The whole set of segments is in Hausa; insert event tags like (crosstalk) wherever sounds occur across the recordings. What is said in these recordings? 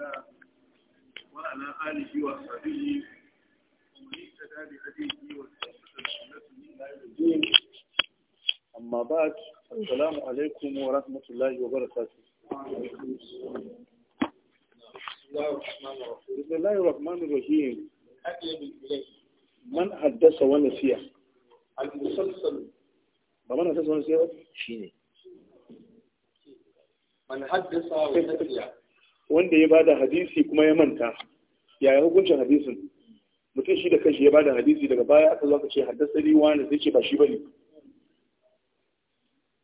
وعلى آله وصحبه ومن اهتدى بهديه الدين أما بعد السلام عليكم ورحمة الله وبركاته بسم الله الرحمن الرحيم من حدث ونسيه المسلسل من حدث sai شيني من حدث man wanda ya bada hadisi kuma ya manta yaya hukuncin hadisin mutum shi da kanshi ya bada hadisi daga baya aka zo ka ce haddasani wani zai ce ba shi bane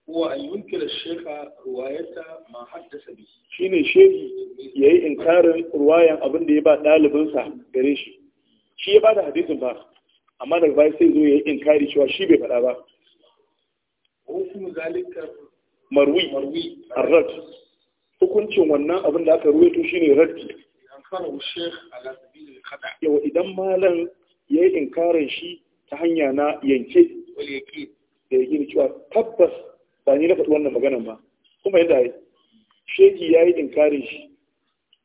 wa an yunkira shekha ruwayata ma haddasa bi shine shehi yayi inkarin ruwayan abin da ya ba dalibin sa gare shi shi ya bada hadisin ba amma daga baya sai zo yayi inkari cewa shi bai faɗa ba hukumu zalika marwi marwi arrad hukuncin wannan abin da aka ruwaito shine raddi yawa idan malam ya yi inkarin shi ta hanya na yanke da ya gini cewa tabbas ba ni na faɗi wannan maganan ba kuma yadda ya shehi ya yi inkarin shi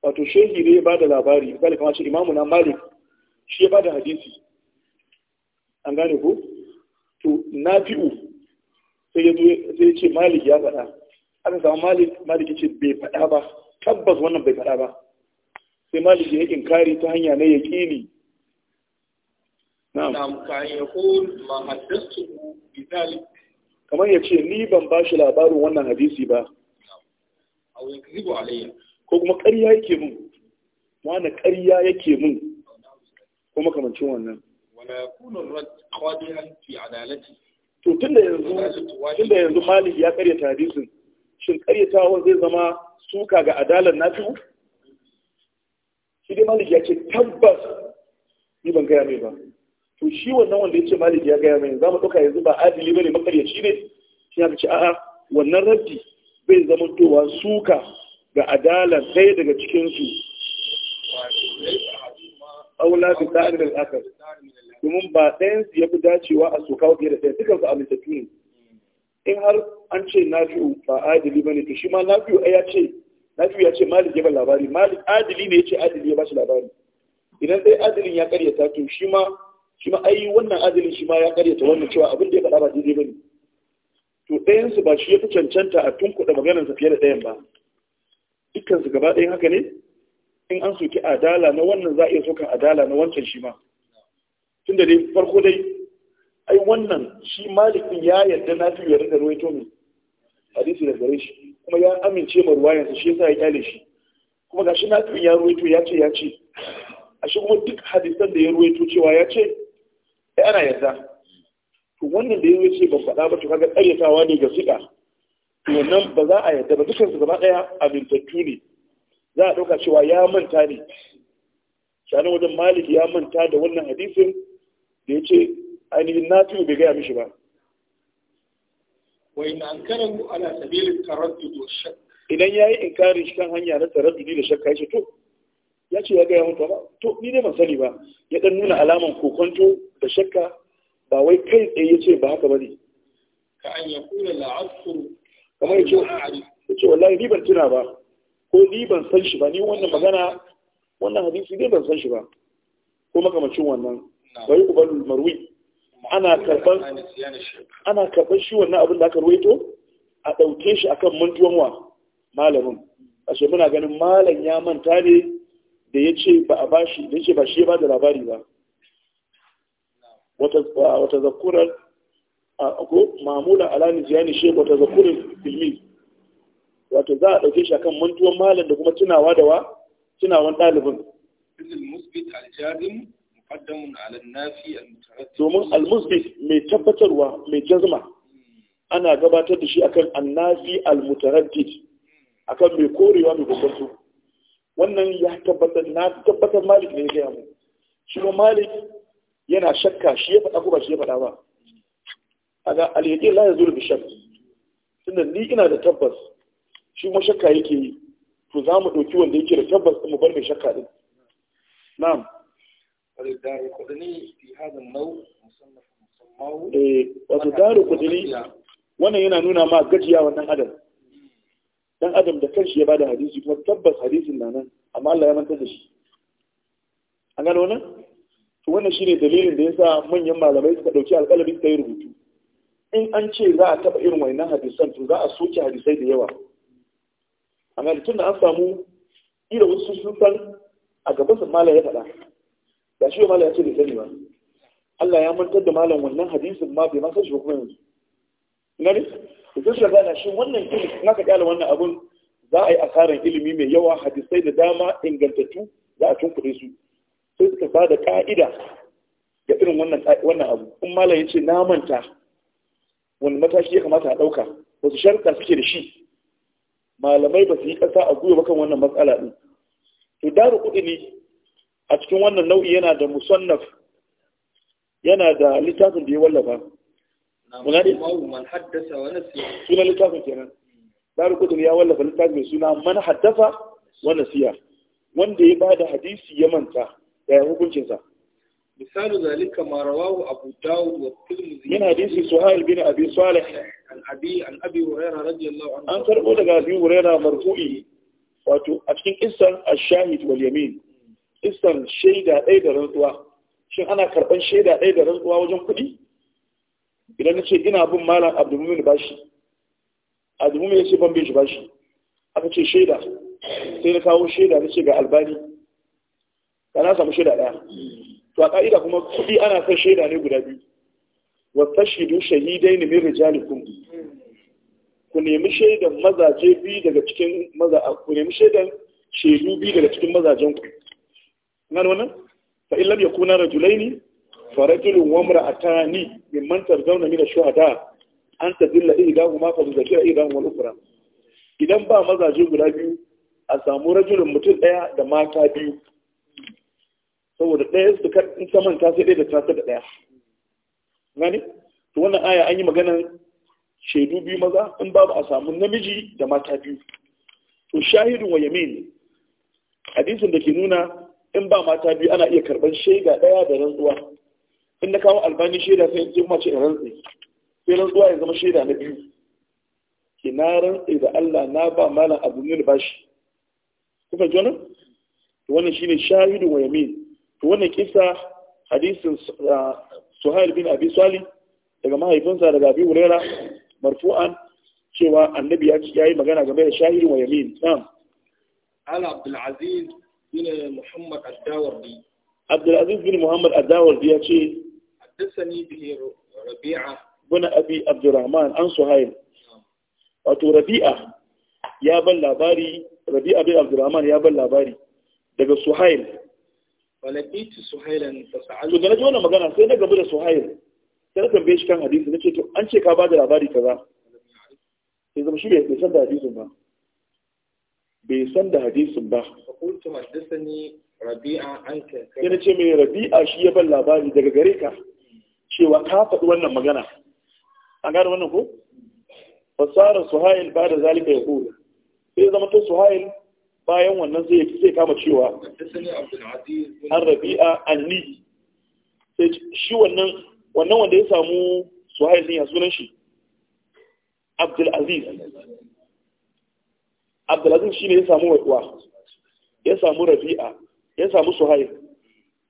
wato shehi ne ya ba da labari misali kamar ce imamu na malik shi ya ba da hadisi an gane ko to na fi'u sai ya ce malik ya faɗa aka samu malik ce bai faɗa ba tabbas wannan bai faɗa ba sai malik ya inkari ta hanya na yaqini na'am kan yaqul ma haddathu kamar yace ni ban bashi labarin wannan hadisi ba aw alayya ko kuma ƙarya yake mun wani ƙarya yake mun ko makamancin wannan wala yakunu rad fi adalati to tunda yanzu tunda yanzu malik ya ƙaryata hadisin shin karyatawa zai zama suka ga adalar nasu? shi dai malik ya ce tabbas ni ban gaya mai ba to shi wannan wanda ya ce malik ya gaya mai za mu ɗauka yanzu ba adili ba ne makaryaci ne shi ya ce a'a wannan rabbi bai zama towa suka ga adalar ɗaya daga cikinsu aula bi ta'arin akal domin ba ɗayan su ya fi dacewa a sokawa fiye da ɗaya su amintattu ne in har an ce nafi'u ba adili bane to shi ma nafi'u ai ya ce nafi'u ya ce malik ya ba labari malik adili ne ya ce adili ya ba shi labari idan dai adilin ya karyata to shi ma shi ma ai wannan adilin shi ma ya karyata wannan cewa abin da ya faɗa ba daidai bane to ɗayan su ba shi ya fi cancanta a tunkuɗa maganar sa fiye da ɗayan ba dukkan su gaba ɗayan haka ne in an soki adala na wannan za a iya sokan adala na wancan shi ma tunda dai farko dai ai wannan shi malikin ya yarda na ya da ruwaito mai hadisi da gare shi kuma ya amince ma sa shi yasa ya kyale shi kuma gashi na kan ya ruwaito ya ce ya ce a shi kuma duk hadisan da ya ruwaito cewa ya ce ai ana yarda to wannan da ya ruwaito ban faɗa ba to kaga ƙaryatawa ne ga sika to wannan ba za a yarda ba su gaba ɗaya amintattu ne za a ɗauka cewa ya manta ne shanin wajen maliki ya manta da wannan hadisin da ya ce ainihin na tuyo bai gaya mishi ba wa in ankarahu ala sabilin taraddud wa shakk idan yayi inkari shi kan hanya na taraddudi da shakka yace to ya ce ya ga ya ba to ni ne ban sani ba ya dan nuna alaman kokonto da shakka ba wai kai tsaye ce ba haka bane ka an yakuna la'asru kamar Ya ce wallahi ni ban tuna ba ko ni ban san shi ba ni wannan magana wannan hadisi ne ban san shi ba ko makamacin wannan bai ubalul marwi ana karɓar ana karban shi wannan abin da aka ruwaito a ɗauke shi akan mantuwan wa malamin ashe muna ganin malam ya manta ne da ya ce ba a bashi da ya ce ba shi ya ba da labari ba wata zakurar ko mamula alani ziyani shi wata zakurar filmi wato za a ɗauke shi akan mantuwan malam da kuma tunawa da wa tunawan ɗalibin ala nafi al domin al-musbit mai tabbatarwa mai jazma ana gabatar da shi akan annafi al-mutaraddid akan mai korewa mai kokarsu wannan ya tabbatar na tabbatar malik ne ya mu shi ma malik yana shakka shi ya faɗa ko ba shi ya faɗa ba kaga al-yaqin la ya bi shakk tunda ni ina da tabbas shi ma shakka yake yi to za mu ɗauki wanda yake da tabbas mu bar mai shakka din na'am في هذا النوع مصنف wannan yana nuna ma gajiya wannan adam dan adam da kanshi ya bada hadisi kuma tabbas hadisin na nan amma Allah ya manta da shi an gano ne to wannan shine dalilin da yasa manyan malamai suka dauki alƙalamin suka yi rubutu in an ce za a taba irin wannan hadisan to za a soke hadisai da yawa amma gano tunda an samu ira wasu sun san a gaban malam ya faɗa da shi malam ya ce da sani ba Allah ya mantar da malam wannan hadisin ma bai ma san shi ba kuma yanzu gani to shi na shi wannan ilimi na ka kyala wannan abun za a yi asarar ilimi mai yawa hadisai da dama ingantattu za a tunkuɗe su sai suka ba da ka'ida ga irin wannan wannan abu in malam ya ce na manta wani mataki ya kamata a ɗauka wasu sharka suke da shi malamai ba su yi ƙasa a gwiwa kan wannan matsala ɗin to daru kuɗi ne a cikin wannan nau'i yana da musannaf yana da littafin da ya wallafa munadi man haddasa wa nasiya littafin kenan ya wallafa littafin mai suna man haddasa wa nasiya wanda ya bada hadisi ya manta da hukuncin sa misalu zalika ma rawahu abu dawud wa tirmidhi yana hadisi suhail bin abi salih an abi an abi hurairah radiyallahu anhu an karbo daga abi hurairah marfu'i wato a cikin qissar ash-shahid wal yamin iskan shaida ɗaya da rantsuwa shin ana karɓar shaida ɗaya da rantsuwa wajen kuɗi idan na ce ina bin malam abdulmumin bashi abdulmumin ya ce ban bin shi bashi aka ce shaida sai na kawo shaida na ce ga albani da na samu shaida ɗaya to a ƙa'ida kuma kuɗi ana kan shaida ne guda biyu wata shaidu shahidai ne rijali kun ku nemi shaidan mazaje biyu daga cikin maza ku nemi shaidan shaidu biyu daga cikin mazajen ku gano wannan fa in lam yakuna rajulaini fa rajulun wa imra'atani mimman tarzawna min ash-shuhada an tadilla ihdahuma fa tuzakira ihdahuma wal ukhra idan ba mazaje guda biyu a samu rajulun mutum daya da mata biyu saboda daya su ka in saman ta sai da ta da daya gani to wannan aya an yi magana shaidu biyu maza in babu a samu namiji da mata biyu to shahidun wa yamin hadisin da ke nuna in ba mata biyu ana iya karɓar shaida ɗaya da rantsuwa in na kawo albani shaida sai in kuma ce rantsi sai rantsuwa ya zama shaida na biyu ki na rantsi da Allah na ba malam abu ne bashi ku ji wannan to wannan shine shahidu wa yamin to wannan kisa hadisin ah, Suhail bin Abi Salih daga mahaifinsa daga Abi Huraira marfu'an cewa annabi ya yi magana game da shahidu wa yamin na'am al Abdul Aziz bin Muhammad Ad-Dawardi Abdul bin Muhammad Ad-Dawardi ya ce haddathani bihi Rabi'a bin Abi Abdurrahman an Suhail wato Rabi'a ya ban labari Rabi'a bin Abdurrahman ya ban labari daga Suhail walakitu Suhailan fasa'al to da naji wannan magana sai na gaba da Suhail sai na tambaye shi kan hadisi nace to an ce ka ba da labari kaza sai zama shi bai san da hadisin ba bai san da hadisin ba kuntu rabi'a an ce mai rabi'a shi ya ban labari daga gare ka cewa ka faɗi wannan magana an gane wannan ko Fasarar suhail ba da zalika ya kula sai zama ta suhail bayan wannan zai zai kama cewa an rabi'a an sai shi wannan wannan wanda ya samu suhail ne a sunan shi abdul aziz abdulaziz shine ya samu wa'uwa ya samu rabi'a ya samu suhaib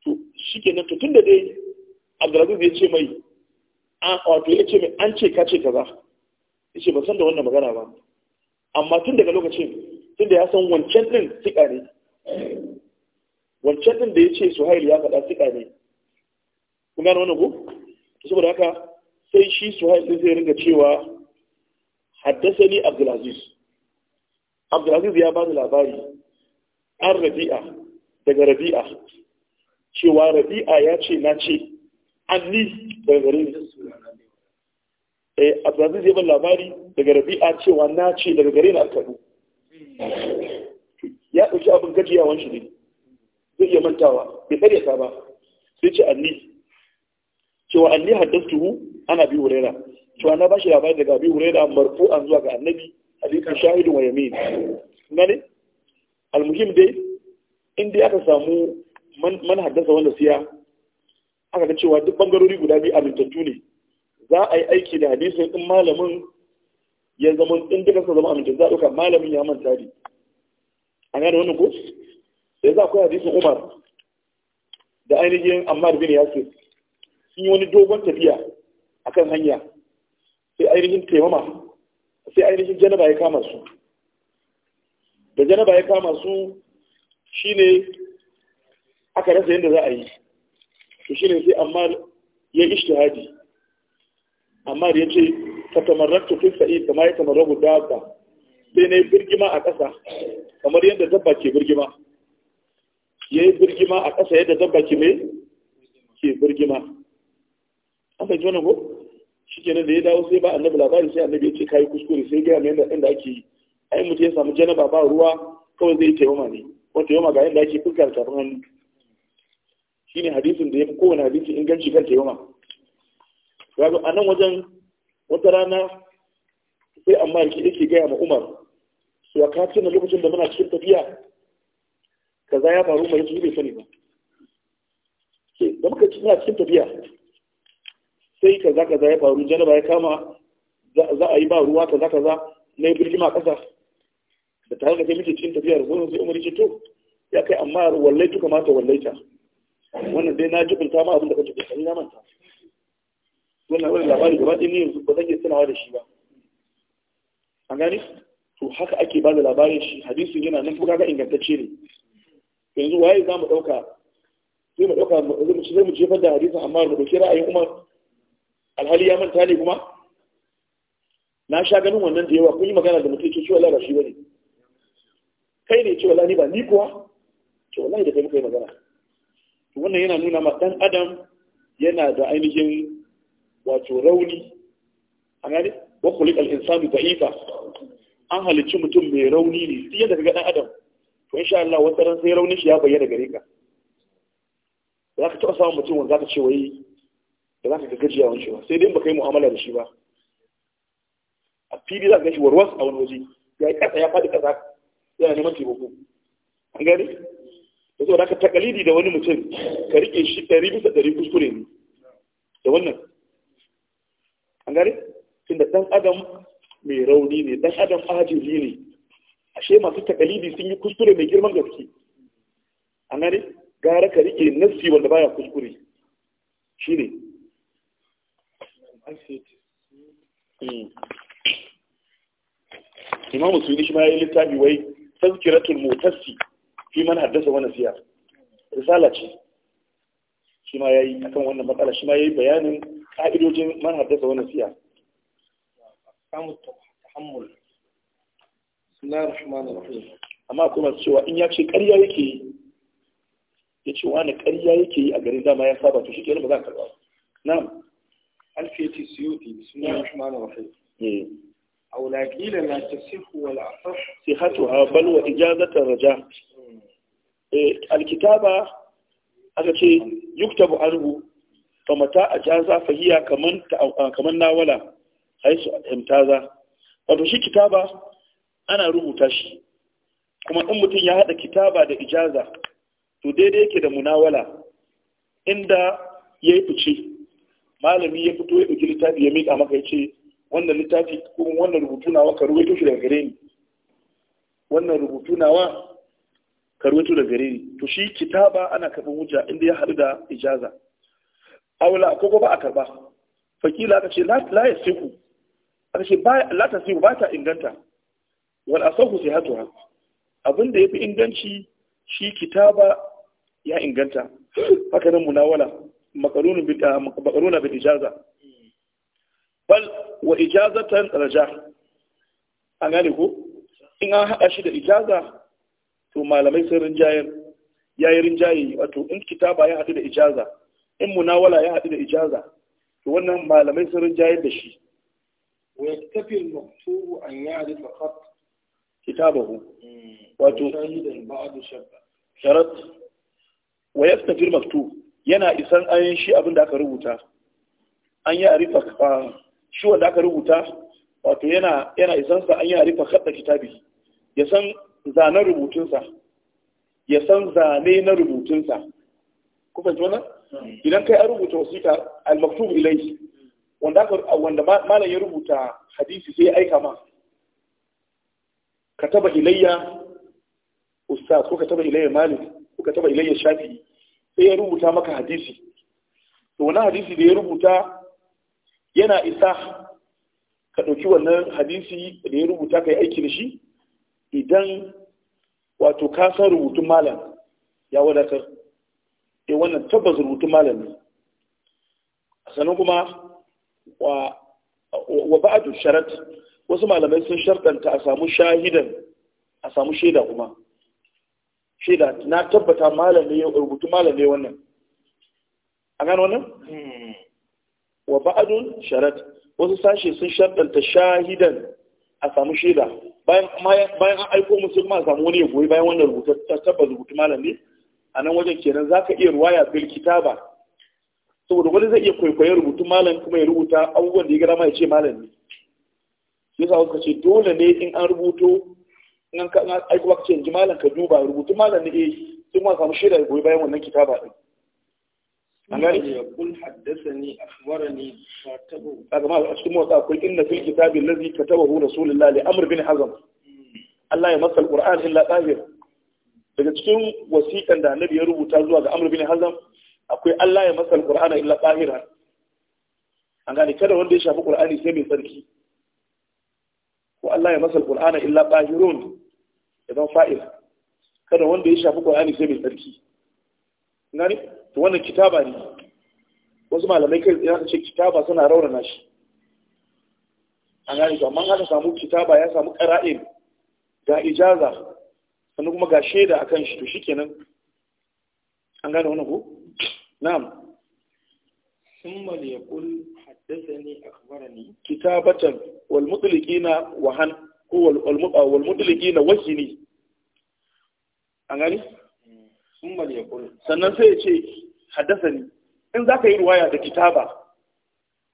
to shikenan to tunda dai abdulaziz ya ce mai a wato ya ce mai an ce ka ce kaza ya ce ba san da wannan magana ba amma tun daga lokacin tunda ya san wancan din sika ne wancan din da ya ce suhail ya faɗa sika ne kun gane wannan ko to saboda haka sai shi suhail sai ya ringa cewa haddasa ni abdulaziz abdulaziz ya bani labari an rabi'a daga rabi'a cewa rabi'a ya ce na ce an ni daga gare ni eh, abdulaziz ya bani labari daga rabi'a cewa na ce daga gare ni alkadu ya ɗauki abin gajiyawan shi ne zai iya mantawa bai karyata ba sai ce ni cewa anni haddastuhu ana bi wurera cewa na bashi labari daga bi huraira marfu'an zuwa ga annabi hadisin shahidu wa yamin nane almuhim dai inda aka samu man haddasa wanda siya aka ga cewa duk bangarori guda biyu amintattu ne za a yi aiki da hadisin in malamin ya zama in duka sa zama amintattu za a ɗauka malamin ya manta ne a gane wani ko sai za akwai hadisin umar da ainihin ammar bin yasir sun yi wani dogon tafiya akan hanya sai ainihin taimama sai ainihin janaba ya kama su da janaba ya kama su shine aka rasa yadda za a yi to shine sai amma ya ishtihadi amma ya ce ka tamarraktu fi sa'i kama ya tamarrabu dabba sai na yi birgima a ƙasa kamar yadda dabba ke birgima ya yi birgima a ƙasa yadda dabba ke mai ke birgima an ji wani ko shikenan da ya dawo sai ba annabi labari sai annabi ya ce kai kuskure sai gaya mai inda ake yi ai mutum ya samu janaba ba ruwa kawai zai taimama ne ko taimama ga yadda ake da tafin hannu shine hadisin da ya fi kowane hadisi inganci kan taimama zo a nan wajen wata rana sai amma yake yake gaya ma umar su a kafin na lokacin da muna cikin tafiya kaza ya faru mai shi bai sani ba da muka ci cikin tafiya sai kaza za ya faru jaraba ya kama za a yi ba ruwa kaza za na yi birgima kasa da tare da kai muke cikin tafiyar zuwa sai umar to ya kai amma wallai mata kamata wallaita wannan dai na jibinta ma abin da kake kokari na manta wannan wani labari gaba ɗaya ne yanzu ba zan iya sanawa da shi ba A gani to haka ake ba da labarin shi hadisin yana nan kuma ga ingantacce ne yanzu waye za mu ɗauka sai mu ɗauka mu zai mu jefar da hadisin amma mu ɗauki ra'ayin umar alhali ya manta ne kuma na sha ganin wannan da yawa kun yi magana da mutum ke ciwo lara shi wani kai ne ciwo ni ba ni kuwa to wallahi da kai muka yi magana to wannan yana nuna ma dan adam yana da ainihin wato rauni A gani wa khuliqal ta da'ifa an halicci mutum mai rauni ne duk yadda ga dan adam to insha Allah wata ran sai raunin shi ya bayyana gare ka za ka taɓa samun mutum wanda za ka ce wai da za ka gajiya wancewa ba sai dai ba kai mu'amala da shi ba a fili za ka gashi warwas a wani waje ya yi kasa ya faɗi kasa yana neman taimako an gani da saboda ka takalidi da wani mutum ka rike shi ɗari bisa ɗari kuskure ne da wannan an gani tunda ɗan adam mai rauni ne ɗan adam ajiri ne ashe masu takalidi sun yi kuskure mai girman gaske an gani gara ka rike nassi wanda baya kuskure Shi ne. Hmm. imam suyuti shi ma ya yi littafi wai tazkiratul mutassi fi man haddasa wani siya risala ce shi ma ya yi akan wannan matsala shi ma ya yi bayanin ka'idojin man haddasa wani siya amma kuma cewa in ya ce ƙarya yake yi ya ce wani ƙarya yake yi a garin dama ya saba to shi ke ba za a karɓa na'am alfiyati suyuti bismillahir rahmanir rahim aw la qila la tasihhu wal asah sihatuha bal wa ijazatu raja eh alkitaba aka ce yuktabu anhu fa mata ajaza fa hiya kaman kaman nawala haisu imtaza wato shi kitaba ana rubuta shi kuma in mutum ya haɗa kitaba da ijaza to daidai yake da munawala inda ya yi fice malami ya fito ya ɗauki littafi ya miƙa maka ya ce wannan littafi ko wannan rubutu nawa ka ruwaito shi daga gare ni wannan rubutu nawa ka ruwaito daga gare ni to shi kitaba ana karɓar hujja inda ya haɗu da ijaza aula ko ba a karɓa fakila aka ce la ya siku aka ce la ta siku ba ta inganta wal asahu sai hatuwa abin ya fi inganci shi kitaba ya inganta haka nan munawala makaruna bil ah, ijaza bal wa ijazatan raja an gane ko in haɗa shi da ijaza to malamai sun rinjayar yayi rinjaye wato in kitaba ya haɗu da ijaza in munawala ya haɗu da ijaza to wannan malamai sun rinjayar da shi wa yaktafi hmm. wato yana isan ayin shi abin da aka rubuta an yi arifa shi wanda aka rubuta wato yana isansa isan sa an yi arifa kadda kitabi ya san zanen rubutunsa ya san zane na rubutunsa ku fahimci wannan idan kai an rubuta wasiƙa al-maktub ilai wanda aka wanda malam ya rubuta hadisi sai ya aika ma kataba ilayya ustaz ko kataba ilayya malik ko kataba ilayya shafi'i sai ya rubuta maka hadisi to wannan hadisi da ya rubuta yana isa ka ɗauki wannan hadisi da ya rubuta ka yi aiki da shi idan wato ka san rubutun malam ya wadatar ya eh, wannan tabbas rubutun malam ne sannan kuma wa wa sharat wasu malamai sun shartanta a samu shahidan a samu shaida kuma shida na tabbata malam ne rubutu malam ne wannan an gano wannan hmm. wa ba'adun sharat wasu sashe sun shaddanta shahidan a samu shida bayan an aiko musulman a samu wani ya goyi bayan wannan rubutu ta tabbata rubutu malam ne a nan wajen kenan za ka iya ruwaya bil kitaba saboda wani zai iya kwaikwayon rubutun malam kuma ya rubuta abubuwan da ya gara ma ya ce malam ne yasa ka ce dole ne in an rubuto nan ka na aiko ka ce yanzu malam ka duba rubutu malam ne eh sun ma samu shaidar goyi bayan wannan kitaba din an gani ya kul haddathani akhbarani fatabu kaga ma a cikin motsa akwai inna fil kitabi allazi katabahu rasulullahi li amr bin hazm hmm. Allah ya masa alquran illa tahir daga cikin wasiƙan da annabi ya rubuta zuwa ga amr bin hazm akwai Allah ya masa alqur'ana illa tahira an gani kada wanda ya shafi qur'ani sai mai tsarki ko Allah ya masa alqur'ana illa tahirun ya zama fa'il kada wanda ya shafi qur'ani sai mai tsarki gani Da wannan kitaba ne wasu malamai kai ya ce kitaba suna raunana shi A gani to amma haka samu kitaba ya samu qara'in ga ijaza sannan kuma ga shaida kan shi to shi kenan an gane wannan ku? na'am ثم ليقول Kitabatan أخبرني كتابة na wahan. ko wal mudliki na wahini an gani sannan sai ya ce haddasa ni in za ka yi ruwaya da kitaba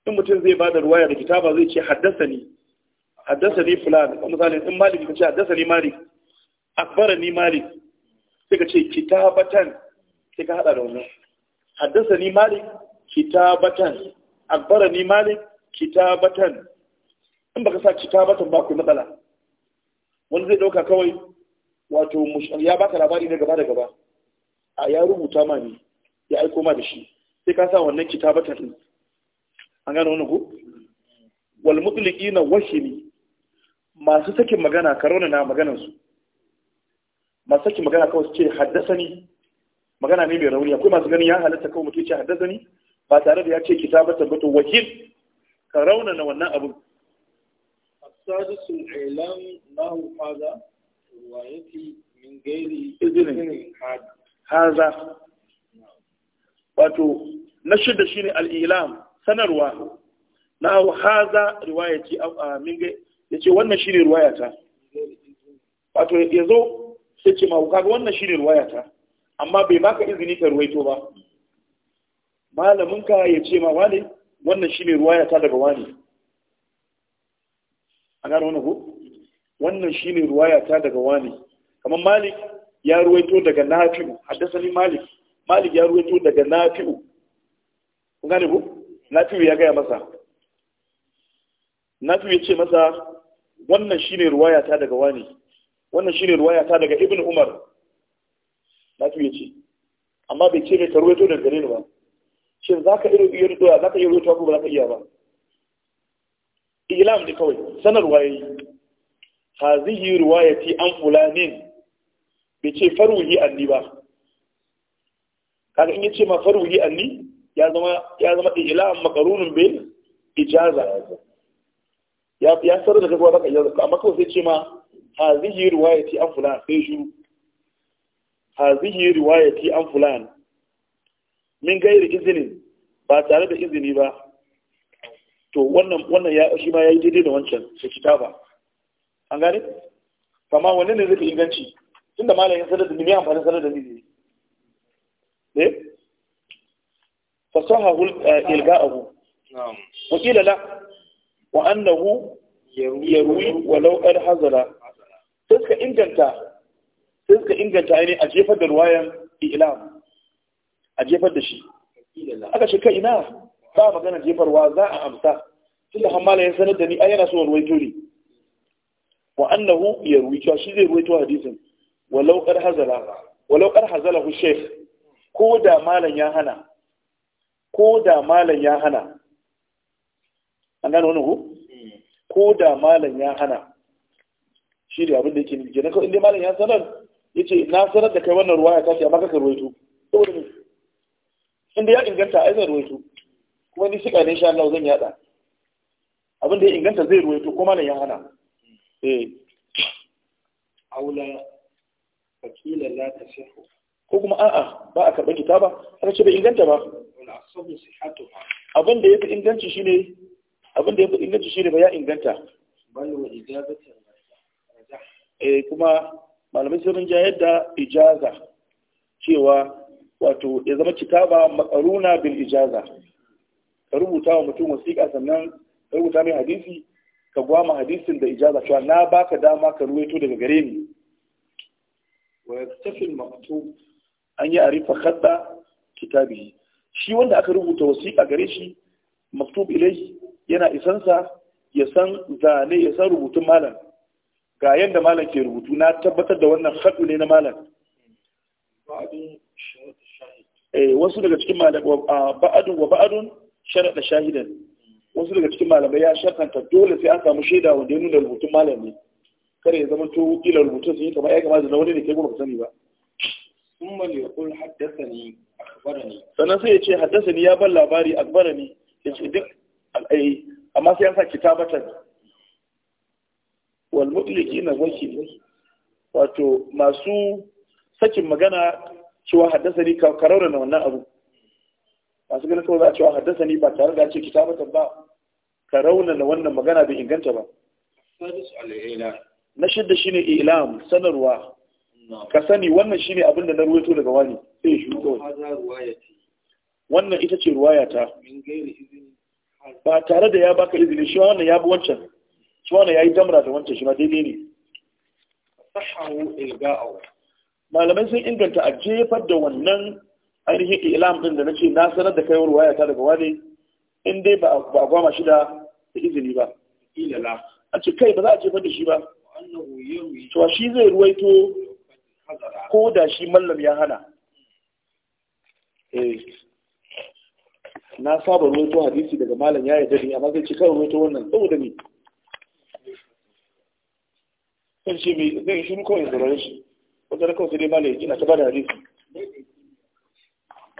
in mutum zai ba da ruwaya da kitaba zai ce haddasa ni haddasa ni fulan misalin in malik ka ce haddasa ni malik akbara ni malik sai ka ce kitabatan sai ka da wannan haddasa malik kitabatan malik kitabatan in baka sa kitabatan ba matsala wani zai ɗauka kawai wato ya baka labari na gaba da gaba a ya rubuta ma ne ya aiko ma da shi sai ka sa wannan kitabatar ne an gano wani ku wal mutliki na wahimi masu sakin magana karona na maganar su masu sakin magana kawai suke haddasa ni magana ne mai rauni akwai masu ganin ya halatta kawai mutum ce haddasa ni ba tare da ya ce kitabatar ba to wakil ka na wannan abin السادس الإعلام له هذا روايتي من غير إذن هذا wato na shida shine al'ilam sanarwa na haza riwaya ce a mingai ya ce wannan shine riwaya ta wato ya zo sai ce ma kaga wannan shine riwaya ta amma bai baka izini ka ruwaito ba malaminka ya ce ma wane wannan shine riwaya ta daga wani an gano wani ko wannan shi ne ta daga wani kamar malik ya ruwaito daga nafi'u haddasani malik malik ya ruwaito daga nafi'u kun gane ko nafi'u ya gaya masa nafi'u ya ce masa wannan shi ne ta daga wani wannan shi ne ta daga ibn umar nafi'u ya ce amma bai ce mai ka ruwaito daga gare ni ba shin zaka iya ruwaito ba zaka iya ruwaito ba zaka iya ba ilam ne kawai sanarwa yayi hazihi riwayati an fulanin bai ce faruhi anni ba kaga in yace ma faruhi anni ya zama ya zama ilam makarunin bai ijaza ya ya sarar da kaga baka ijaza amma kawai sai ce ma hazihi riwayati an fulan sai shiru hazihi riwayati an fulan min gairi izinin ba tare da izini ba to wannan wannan ya shi ma yayi daidai da wancan sai kitaba an gane amma wanne ne zai inganci tunda malamin sadar da ne amfanin sanar da ne eh fasahahu eh, ilga'ahu na'am wa qila la wa annahu yarwi walau qad hazala sai suka inganta sai suka inganta ne a jefar da ruwayan ilam a jefar da shi aka ce kai ina ba magana jefarwa za a amsa da hamala ya sanar da ni a yana so waito ne wa annahu ya ruwaito shi zai ruwaito hadisin walau laukar hazala walau qad hazala hu shaykh ko da malam ya hana ko da malan ya hana an gano wani ko ko da malam ya hana shi da abin da yake nufi kawai inda malam ya sanar ya ce na sanar da kai wannan ruwa ya tashi amma kaka ruwaito saboda ne inda ya inganta a zan ruwaito kuma ni shiga ne insha Allah zan yada abin da ya inganta zai to kuma ne ya hana eh aula fakila la tasihu ko kuma a'a ba a karɓar kitaba har ce bai inganta ba abin da ya fi inganci shine abin da ya fi inganci shine ba ya inganta eh kuma malamai sun ja yadda ijaza cewa wato ya zama kitaba makaruna bil ijaza ka rubuta wa mutum wasiƙa sannan ka rubuta mai hadisi ka gwama hadisin da ijaza cewa na baka dama ka ruwaito daga gare ni wa yaktafil maktub an yi arifa khadda kitabi shi wanda aka rubuta wasiƙa gare shi maktub ilai yana sa ya san zane ya san rubutun malam ga yadda malam ke rubutu na tabbatar da wannan haɗu ne na malam eh, wasu daga cikin malam ba'adun wa ba'adun sharaɗa shahidan wasu daga cikin malamai ya shakanta dole sai an samu shaida wanda ya nuna rubutun malami kare ya zama to kila rubutun sun yi kamar ya kamata na wani da ke kuma ka sani ba Umar mali ya kul haddasani akbarani sannan sai ya ce haddasani ya ban labari akbarani ya ce duk al'ayi amma sai an sa kitabatan wal mutliki na wakili wato masu sakin magana cewa haddasani ka raunana wannan abu masu ganin kawai za a cewa haddasa ni ba tare da ce kitabatan ba ka raunana wannan magana bai inganta ba na shidda ne ilam sanarwa ka sani wannan shi ne abinda na ruwaito daga wani wannan ita ce ruwayata ba tare da ya baka izini shi wannan ya bi wancan shi wannan ya yi damra da wancan shi ma daidai ne malamai sun inganta a jefar da wannan ainihin ilam din da na ce na sanar da kai ruwaya ta daga wani in dai ba a goma shi da izini ba ilala a ce kai ba za a ce da shi ba to shi zai ruwaito ko da shi mallam ya hana eh. na saba ruwaito hadisi daga malam ya yi dani amma zai ce kawai ruwaito wannan saboda ne zan ce mai zai shi kawai zaurare shi wanda na kawai sai dai malam ya gina ta ba da hadisi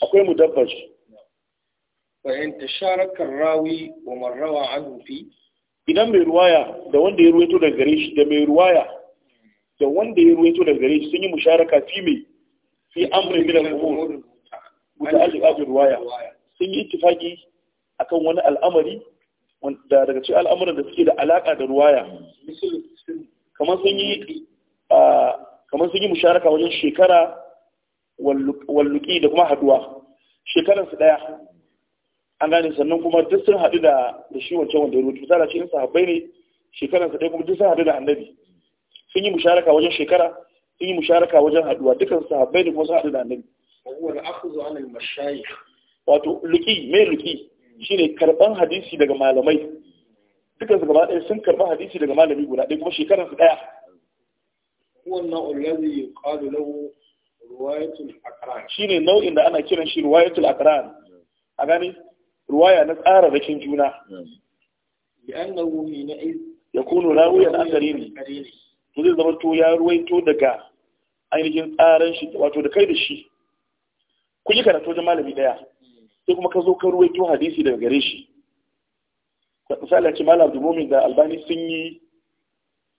akwai mudabbaj fa in tasharaka rawi wa marrawa an anhu fi idan mai ruwaya da wanda ya ruwaito da gare shi da mai ruwaya da wanda ya ruwaito da gare shi sun yi musharaka fi mai fi amrin min al-umur muta'alliqa ruwaya sun yi ittifaqi akan wani al'amari wanda daga cikin al'amuran da suke da alaka da ruwaya kamar sun yi ah, kamar sun yi musharaka wajen shekara walluki da kuma haduwa shekaran su daya an gane sannan kuma duk sun haɗu da da shi wancan wanda ya rubuta misali shi in sahabbai ne shekaran su daya kuma duk sun haɗu da annabi sun yi musharaka wajen shekara sun yi musharaka wajen haduwa dukkan sahabbai ne kuma sun haɗu da annabi wa akhudhu akhdhu al-mashayikh wato luki mai luki shine karban hadisi daga malamai dukkan su gaba ɗaya sun karba hadisi daga malami guda ɗaya kuma shekaran su daya wannan ulazi yuqalu lahu ruwayatul akran shine nau'in da ana kiran shi ruwayatul akran a gani ruwaya na tsara rakin juna li'annahu hina yakunu rawiyan akarini to zai zama to ya ruwaito daga ainihin tsaran shi wato da kai da shi kun yi karatu wajen malami daya sai kuma ka zo ka ruwaito hadisi daga gare shi misali ce malam abdul da albani sun yi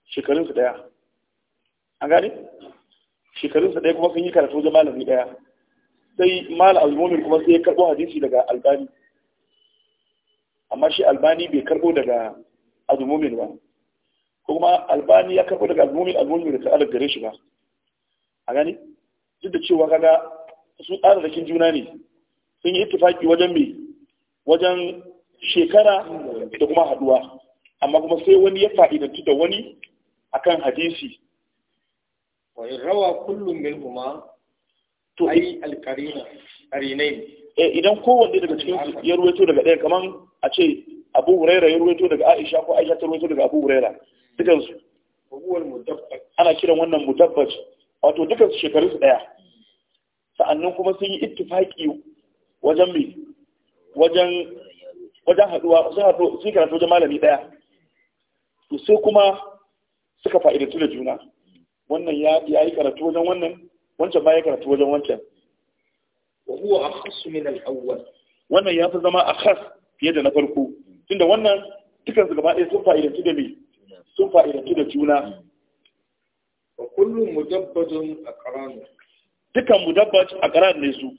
shekarunsu daya an gani? shekarunsa ɗaya kuma sun yi karatu da malami ɗaya sai malam al-mumin kuma sai ya karɓo hadisi daga albani amma shi albani bai karɓo daga al-mumin ba kuma albani ya karɓo daga al-mumin al-mumin da ta'ala gare shi ba a gani duk da cewa kaga su tsararrakin juna ne sun yi ittifaki wajen mai wajen shekara da kuma haduwa amma kuma sai wani ya fa'idantu da wani akan hadisi wa rawa kullum minhuma to ai alqarina qarinai eh, idan kowanne daga cikin su ya ruwaito daga ɗaya kaman a ce Abu Huraira ya ruwaito daga Aisha ko Aisha ta ruwaito daga Abu Huraira dukan su ana kiran wannan mudabbaj wato dukan su shekarun su ɗaya sa'annan kuma sun yi ittifaqi wajen me wajen wajen haduwa sun haɗu sun karatu wajen malami ɗaya to sai kuma suka fa'idatu da juna wannan ya yi karatu wajen wannan wancan ba ya karatu wajen wancan wa huwa akhas min al-awwal wannan ya fi zama akhas fiye da na farko tunda wannan dukan su gaba ɗaya sun fa'idantu da me sun fa'idantu da juna wa kullu mudabbadun aqran dukan mudabbaj aqran ne su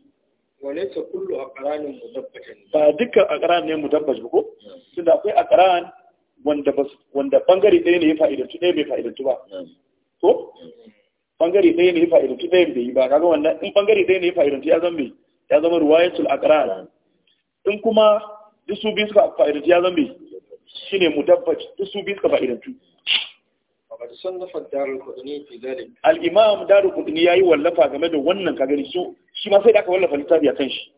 walaita kullu aqran mudabbajin ba dukkan aqran ne mudabbaj ba ko tunda akwai aqran wanda wanda bangare ɗaya ne ya fa'idantu ɗaya bai fa'idantu ba ko bangare ɗaya ne ya fa'idanci ɗayan da yi ba kaga wannan in bangare ɗaya ne ya fa'idanci ya zama ya zama ruwayatul aqrar in kuma duk su biyu suka fa'idanci ya zama shine mudabbat duk su biyu suka fa'idanci وقد صنف الدار fi dalil al imam darul القطني yayi wallafa game da wannan kaga gani shi ma sai da aka wallafa littafi akan shi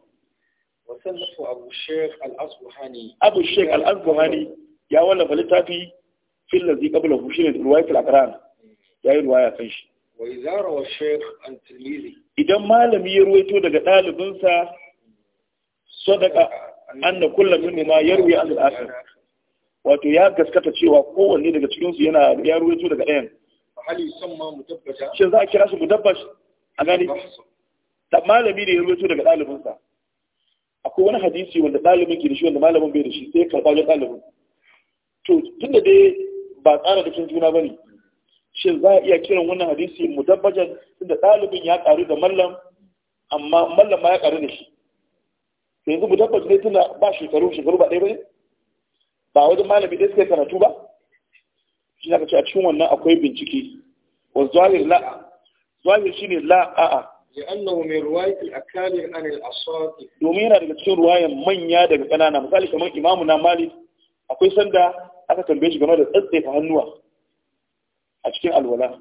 wa nafu abu sheikh al-asbuhani abu sheikh al-asbuhani ya wallafa littafi fil ladhi qablahu shine ruwayatul aqrar ya yi ruwaya kan shi wa izara wa shaykh an tilmizi idan malami ya ruwaito daga ɗalibinsa sadaqa anna kullu min ma yarwi an al-akhar wato ya gaskata cewa kowanne daga cikin su yana ya ruwaito daga ɗayan hali samma mutabbata shin za a kira shi mutabbash a gani da malami ne ya ruwaito daga ɗalibinsa akwai wani hadisi wanda ɗalibin ke da shi wanda malamin bai da shi sai ya karɓa wajen ɗalibin to tunda dai ba tsara da juna ba ne shin za a iya kiran wannan hadisi mu dabbajan tunda ɗalibin ya ƙaru da mallam amma mallam ma ya ƙaru da shi yanzu dabbajan ne tunda ba shekaru shekaru ba ɗaya ba ne ba wajen malami ɗaya suka karatu ba shi na ce a cikin wannan akwai bincike wa zuwahir la'a zuwahir shi ne la'a لأنه من رواية الأكابر عن الأصوات دومينا daga cikin ruwayan manya daga ƙanana misali kamar imamu na Malik akwai sanda aka tambaye shi game da tsatsefa hannuwa a cikin alwala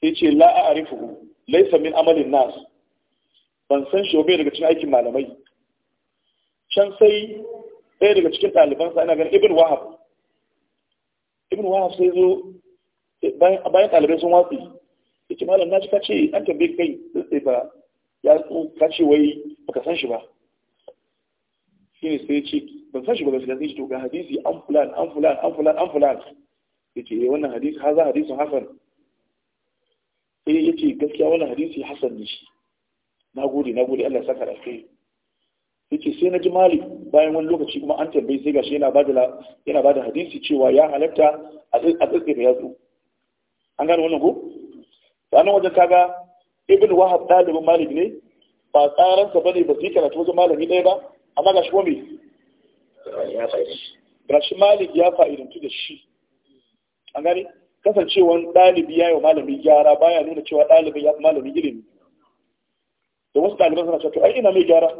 sai ce la a arifu laisa min amalin nas ban san shi obe daga cikin aikin malamai can sai ɗaya daga cikin ɗalibansa ana ganin ibn wahab ibn wahab sai zo bayan ɗalibai sun watsi ya ce malam na ji ka ce an tambaye kai tsaye eh, ba ya ka ce wai baka san shi ba shi ne sai ce ban san shi ba gaskiya sai ce to ga hadisi an fulan an fulan an fulan an fulan yace eh wannan hadisi haza hadisin hasan eh yace gaskiya wannan hadisi hasan ne shi nagode nagode Allah ya saka da kai yace sai na ji malik bayan wani lokaci kuma an tambayi sai gashi yana bada yana bada hadisi cewa ya halatta a tsitsi da yatsu an gane wannan ko sanan wajen kaga ibn wahab dalibin malik ne ba tsaransa bane ba su yi karatu wajen malami ɗaya ba amma gashi ko me gashi malik ya fa'idantu da shi an gane kasancewan ɗalibi ya yi wa malami gyara baya nuna cewa ɗalibin ya fi malami ilimi da wasu ɗaliban suna cewa ai ina mai gyara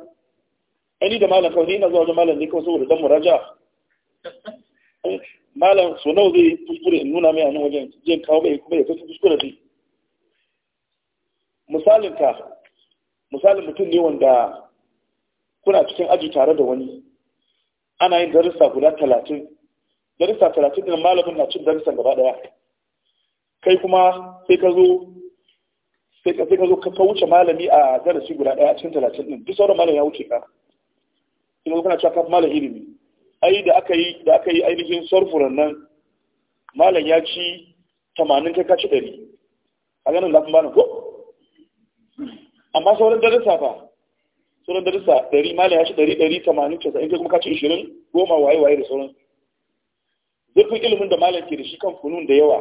ai ni da malam kawai ina zuwa wajen malam ne kawai saboda dan muraja eh, malam so nawa zai kuskure in nuna mai a nan wajen jin kawo mai kuma ya kasu kuskure zai misalin ka misalin mutum ne wanda kuna cikin aji tare da wani ana yin darussa guda talatin darissa talatin din malamin na cin darissan gaba daya kai kuma sai ka zo sai ka zo ka wuce malami a darasi guda daya a cikin talatin din duk sauran malami ya wuce ka ina kana cewa ka malam ilimi ai da aka yi da aka yi ainihin sarfuran nan malam ya ci tamanin kai ka ci ɗari a ganin lafin malam ko amma sauran darissa fa sauran darissa ɗari malam ya ci ɗari ɗari tamanin casa'in kai kuma ka ci ishirin goma waye waye da sauran zurfin ilimin da malam ke da shi kan funun da yawa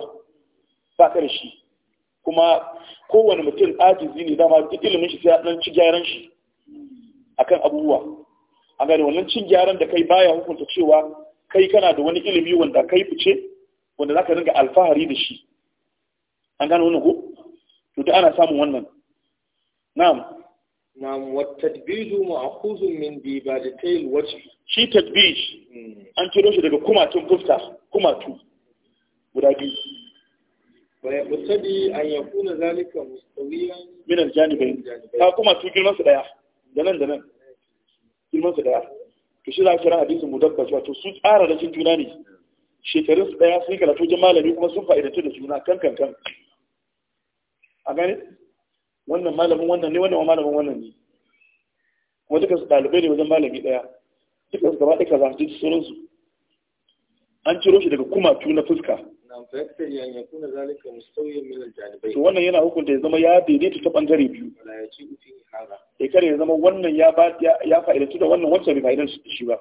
ba ka shi kuma kowane mutum ajizi ne dama duk ilimin shi sai ya dan ci gyaran shi akan abubuwa a gani wannan cin gyaran da kai baya hukunta cewa kai kana da wani ilimi wanda kai fice wanda zaka ringa alfahari da shi an gani wannan ko to da ana samun wannan na'am na'am wa tadbidu ma'khuzun min dibadatil wajhi shi tasbih an ciro shi daga kumatun fuska kumatu guda biyu wa yaqtadi an kuna zalika mustawiyan min janibai ta kumatu girman su daya da nan da nan girman su daya to shi za a kira hadisin mudabbar wato su tsara da juna ne shekarun su daya sun karatu jin malami kuma sun fa'idatu da juna kan kan kan a gane wannan malamin wannan ne wannan malamin wannan ne kuma duka su ɗalibai ne wajen malami daya gaba sauransu an ciro shi daga kumatu na fuska to wannan yana hukunta ya zama ya daidaita ta bangare biyu ya kare ya zama wannan ya ba ya fa'idantu da wannan wancan bai fa'idan shi ba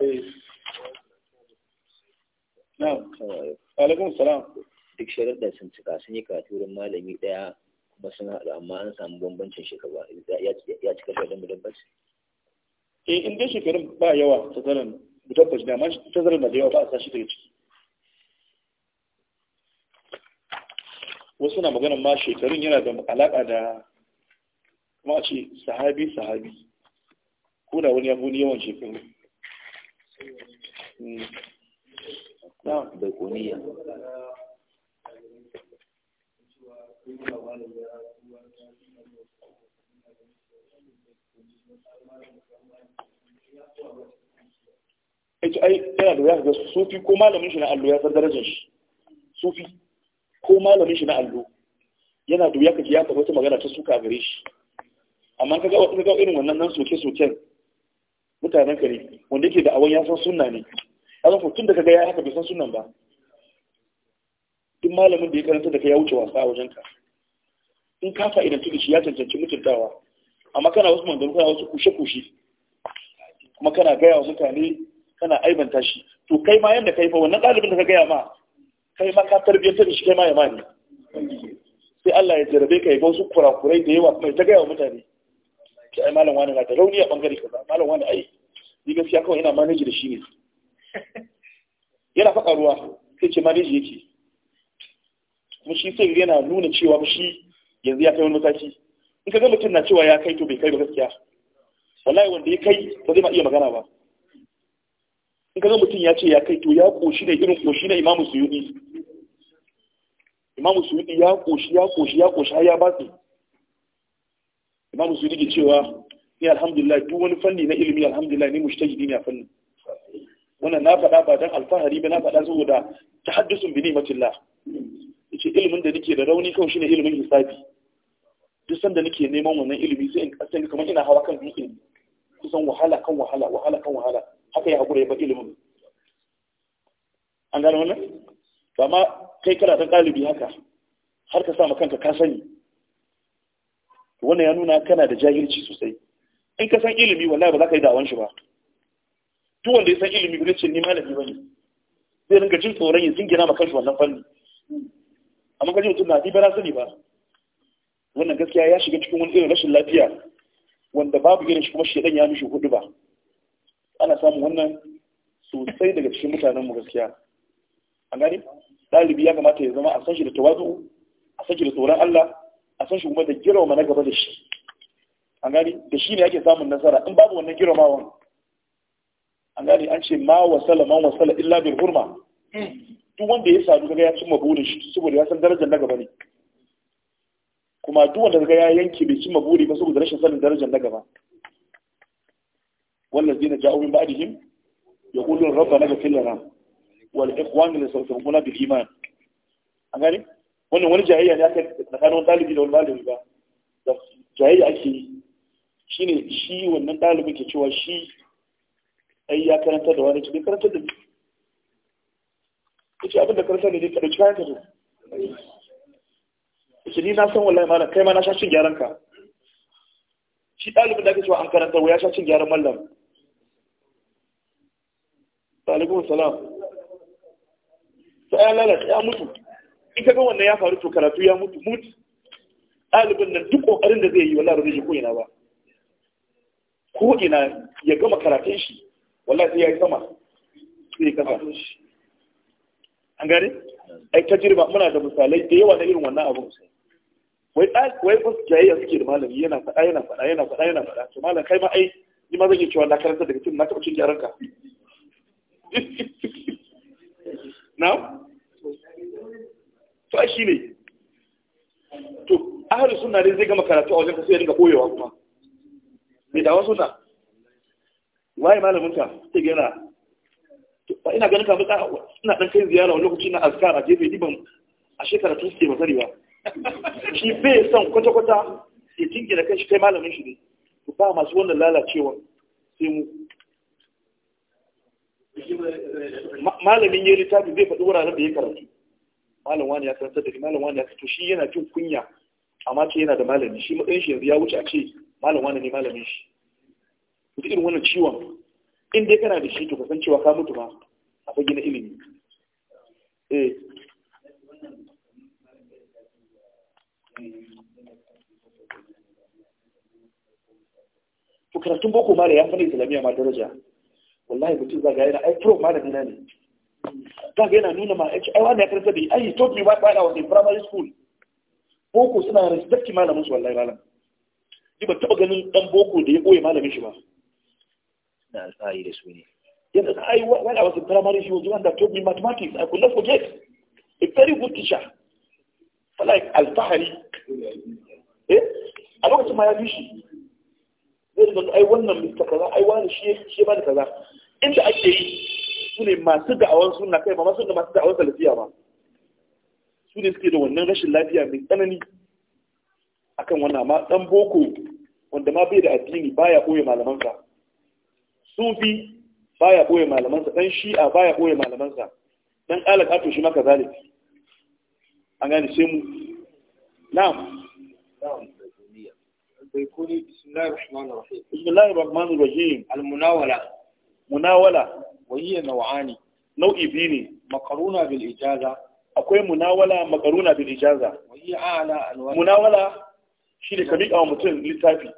eh. na'am alaikum salam duk da sun cika sun yi karatu wurin malami daya kuma sun haɗu amma an samu bambancin shekaru ya cika sharuɗan mu dabbaci eh in dai shekarun ba yawa tazaran mutabbaci da amma tazaran na da yawa ba a sashi daga ciki wasu na magana ma shekarun yana da alaƙa da kuma a ce sahabi sahabi ko da wani yafi yawan shekaru da hmm. koniya ita ai yana da zaka ga sufi ko malamin shi na allo ya san darajar shi sufi ko malamin shi na allo yana da wuya kaji ya faɗa wata magana ta suka gare shi amma ka ga ga irin wannan nan soke soken mutanen kare ne wanda yake da awon ya san sunna ne ya zan tun da kaga ya haka bai san sunnan ba duk malamin da ya karanta da kai ya wuce wasa a wajenka in ka fa'idantu da shi ya cancanci mutuntawa amma kana wasu manzanni kana wasu kushe-kushe kuma kana gaya wa mutane kana aibanta shi to kai ma yadda kai fa wannan ɗalibin da ka gaya ma kai ma ka tarbiyyantar da shi kai ma ya mani sai Allah ya jarabe ka yi ga wasu kurakurai da yawa kuma ta gaya wa mutane ki ai malam wani na da rauni a bangare kaza malam wani ai ni gaskiya kawai ina manaji da shi ne yana faɗa ruwa sai ce manaji yake kuma shi sai yana nuna cewa shi yanzu ya kai wani mataki in ka ga mutum na cewa ya kai to bai kai ba gaskiya wallahi wanda ya kai ba zai ma iya magana ba in ka ga mutum ya ce ya kai to ya koshi ne irin koshi na imamu suyudi imamu suyudi ya koshi ya koshi ya koshi har ya batsi imamu suyudi ke cewa ni alhamdulillah duk wani fanni na ilimi alhamdulillah ni mushtahidi ne a fannin wannan na faɗa ba dan alfahari ba na faɗa saboda tahaddusun bi ni ni'matillah yace ilimin da nake da rauni kawai shine ilimin hisabi duk sanda nake neman wannan ilimi sai in kasance kamar ina hawa kan dutse kusan wahala kan wahala wahala kan wahala haka ya hakura ya ba ilimin an gano wannan to amma kai kana dan ɗalibi haka har ka sa ma kanka ka sani wannan ya nuna kana da jahilci sosai in ka san ilimi wallahi ba za ka yi dawon shi ba duk wanda ya san ilimi ba ce ni malami bane zai rinka jin tsoron ya jingina ma kanshi wannan fanni amma kaje mutum na ni ba na sani ba wannan gaskiya ya shiga cikin wani irin rashin lafiya wanda babu irin shi kuma shedan ya mishi hudu ba ana samun wannan sosai daga cikin mutanen mu gaskiya A gani ɗalibi ya kamata ya zama a san shi da tawazu a san shi da tsoron Allah a san shi kuma da girma na gaba da shi A gani da shi ne ake samun nasara in babu wannan girmawan A gani an ce ma wasala man wasala illa bil hurma duk wanda ya sadu kaga ya cimma burin shi saboda ya san darajar na gaba ne kuma duk wanda ya yanke bai cimma buri ba saboda rashin sanin darajar na gaba wannan zina ja'u min ba'dihim yaqulun rabbana ghfir lana wal ikhwan alladhina sabaquna bil iman an gani wannan wani jayayya ne aka tsakanin dalibi da wani malami ba da jayayya ake yi shine shi wannan dalibin ke cewa shi ai ya karanta da wani cikin karanta da ni kace abin da karanta ne ka dauki kayan ka shi ni na san wallahi malam kai ma na sha cin gyaran ka shi dalibin da ake cewa an karanta ya sha cin gyaran mallam alaikum salam sai ya lalata ya mutu in ka ga wannan ya faru to karatu ya mutu mut dalibin nan duk ƙoƙarin da zai yi wallahi ba zai koyi ko ina ba ko ina ya gama karatun shi wallahi sai ya yi sama sai kasa an gare ai tajriba muna da misalai da yawa na irin wannan abun sai wai wai ba jayayya suke da malami yana faɗa yana faɗa yana faɗa yana faɗa to malam kai ma ai ni ma zan yi cewa na karanta daga cikin na taɓa cin gyaran ka (laughs) na to ai shine to ahli sunna ne zai gama karatu a wajen ka sai ya dinga koyewa kuma mai dawa suna, waye malamin ka sai To ba ina ganin ka ina dan kai ziyara wani lokaci na azkara a gefe ni ban a shekara tun suke ba shi bai son kwata-kwata ya jingina kan shi kai malamin shi ne ku ba masu wannan lalacewa sai mu malamin ya littafi zai faɗi wuraren da ya karatu malam wani ya karanta da malam wani ya to shi yana jin kunya amma ce yana da malami shi matsayin shi yanzu ya wuce a ce malam wani ne malamin shi duk irin wannan ciwon in dai kana da shi to kasancewa ka mutu ma a fage na ilimi eh to boko mara ya fara islamiyya ma daraja wallahi mutum zaga yana ai pro ma da dina ne zaga yana nuna ma aiki. ai wanda ya karanta da ai told me why why I was in primary school boko suna respect malamin su wallahi malam ni ba taba ganin dan boko da ya koye malamin shi ba da alfahari da su ne yana ai wani a wasu in primary school was the one that mathematics I could not forget a very good teacher wallahi alfahari eh a lokacin ma ya bi shi zai da ai wannan mista kaza ai wani shi shi ba da kaza inda ake yi su ne masu da'awar sunna kai ba masu da masu da'awar salafiya ba su ne suke da wannan rashin lafiya mai tsanani akan wannan ma dan boko wanda ma bai da addini baya boye malamansa sufi baya boye malamansa dan shi'a baya boye malamansa dan alaka to shi maka zalimi an gane sai mu na'am بيكوني بسم الله الرحمن الرحيم بسم الله Nau'i biyu ne. Makaruna وهي ijaza. akwai munawala makaruna bil ijaza munawala shine ka miƙa wa mutum littafi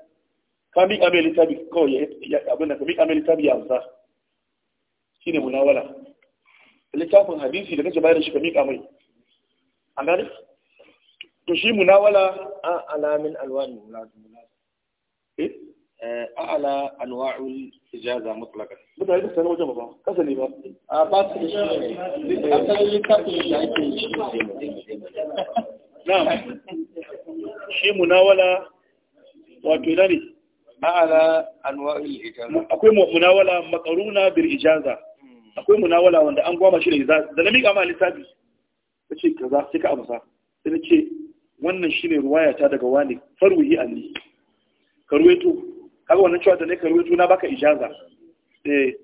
ka miƙa mai littafi kawai ya abin da ka miƙa mai littafi ya amsa Shi ne munawala littafin hadisi da kake bayar shi ka miƙa mai an gani to shi munawala a alamin alwani eh ala anwa'ul ijaza mutlaqan mutane ba sanar wajen ba kasa ne ba a ba su da shi ne a yi kafin da ake yi na shi munawala wato na ne a'ala anwa'ul ijaza akwai munawala makaruna bir ijaza hmm. akwai munawala wanda an gwama shi da ijaza da na miƙa ma lissafi ta ce kaza sai ka amsa sai ta ce wannan shine ruwaya ta daga wani farwihi anni ka ruwaito kaga wannan cewa da ne ka na baka ijaza eh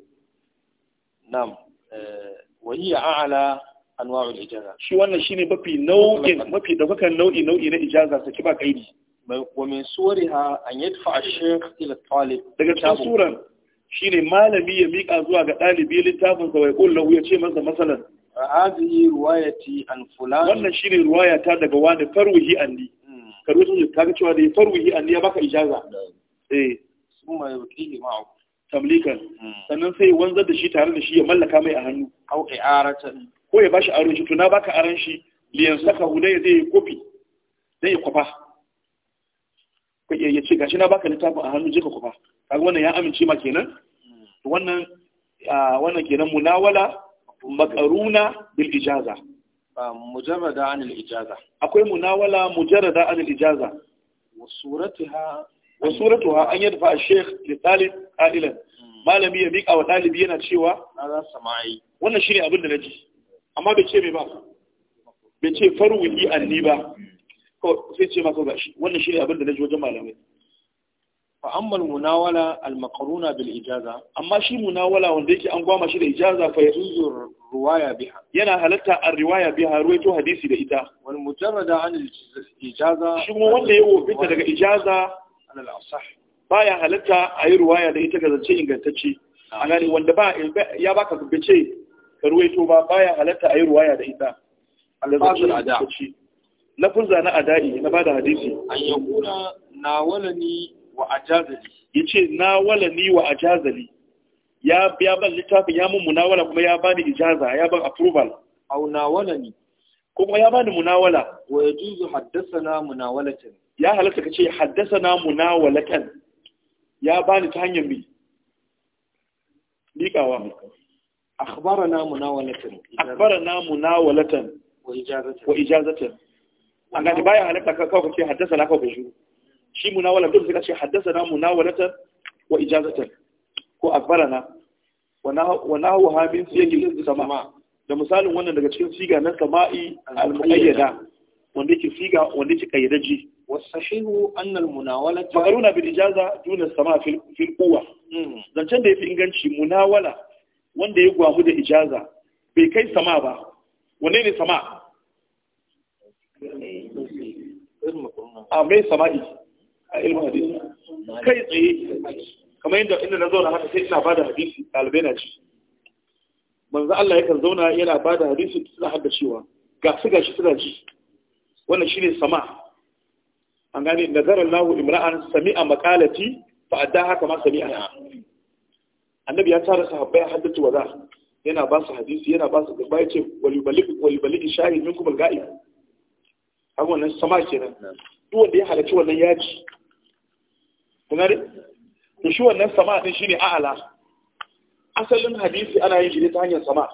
na'am eh, wa a'ala anwa'u al ijaza shi wannan shine mafi nau'in mafi daukakan nau'i nau'i na ijaza saki ba kaidi wa min suwariha an yadfa ash-shaykh ila talib daga cikin suran shine malami ya mika zuwa ga dalibi littafin sa wai kullu ya ce masa masalan hadhihi riwayati an fulan wannan shine riwayata daga wani farwihi anni hmm. ta kaga cewa da farwihi anni ya baka ijaza eh summa yutihi ma'ahu tamlikan hmm. sannan sai wanzar da shi tare da shi ya mallaka mai a hannu au i'aratan ko ya bashi aron shi to na baka aron shi liyan yansaka huda ya zai kofi zai ya kwafa ko ya ce gashi na baka littafin a hannu je ka kwafa kaga wannan ya amince ma kenan to hmm. wannan ah, wannan kenan munawala makaruna bil ijaza mujarrada an al ijaza akwai munawala mujarrada an al ijaza wa suratuha wa suratuha an yadfa al shaykh li talib qalilan hmm. malami ya miƙa wa ɗalibi yana cewa wannan shine abin da na ji amma bai ce mai ba bai ce faru wuli anni ba hmm. sai ce maka gashi wannan shine abin da na ji wajen malamai fa ammal munawala al maqruna bil ijaza amma shi munawala wanda yake an gwama shi da ijaza fa yuzu riwaya biha yana halatta ar riwaya biha ruwaito hadisi da ita wal mujarrada an ijaza shi kuma wanda ya wofinta daga ijaza al asah baya halatta a yi ruwaya da ita ga zance ingantacce a gane wanda ba ya baka bice ka ruwaito ba baya halatta a yi ruwaya da ita alazance ingantacce lafuzza na ada'i na bada hadisi an yakuna nawalani wa ajazali yace na wala ni wa ajazali ya ya ban littafin ya mun munawala kuma ya bani ijaza ya ban approval au wala ni kuma ya bani munawala wa yajuzu haddathana munawalatan ya halaka kace haddathana munawalatan ya bani ta hanyar bi likawa akhbarana munawalatan akhbarana munawalatan wa ijazatan wa ijazatan an ga baya halaka kawai kace haddathana kawai shi. shi munawala duk suka ce na munawalatan wa ijazatan ko akbarana wa nahu su yake siyagil sama da misalin wannan daga cikin siga na sama'i al-muqayyada wanda yake siga wanda yake kayyadaji wasahihu an al-munawalata magaruna bil ijaza duna sama fil fil quwa zancen da yafi inganci munawala wanda ya gwamu da ijaza bai kai sama ba wanne ne sama a mai sama'i a ilmin hadisi kai tsaye kamar yadda inda na zauna haka sai ina bada hadisi ɗalibai na ci manzo Allah yakan zauna yana bada hadisi su suna cewa. ga su gashi suna ji wannan shine sama an gane nazara lahu imra'an sami'a maqalati haka ma sami sami'a annabi ya tara sahabbai haddatu waza yana ba su hadisi yana ba su gaba ya ce walibalik shahid min kuma gaib har wannan sama kenan duk wanda ya halarci wannan yaji kuma ne to shi wannan sama din shine a'ala asalin hadisi ana yin shi ta hanyar sama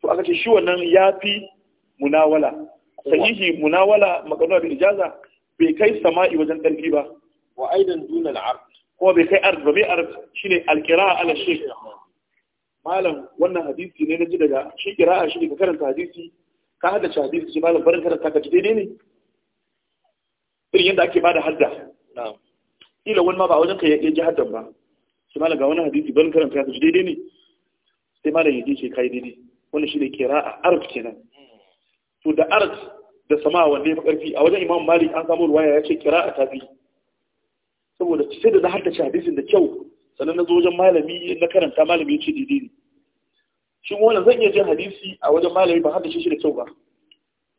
to aka ce shi wannan yafi munawala sahihi munawala magana bil ijaza bai kai sama'i wajen ƙarfi ba wa aidan duna al-ard ko bai kai ard ba bai ard shine al-qira'a ala shaykh malam wannan hadisi ne na ji daga shi qira'a shi ka karanta hadisi ka hada shi hadisi malam barin karanta ka ji daidai ne irin yadda ake bada hadda na'am ila wani ma ba wajen ka ya ji ba sai malam ga wani hadisi ban karanta ya ji daidai ne sai malam ya ji ce kai daidai Wani shi ne kira a arab kenan to da arab da sama wanda ya fi karfi a wajen imam malik an samu ruwaya ya ce kira a tafi saboda sai da na haddace hadisin da kyau sannan na zo wajen malami na karanta malami ya ce daidai ne shin wannan zan iya jin hadisi a wajen malami ba haddace shi da kyau ba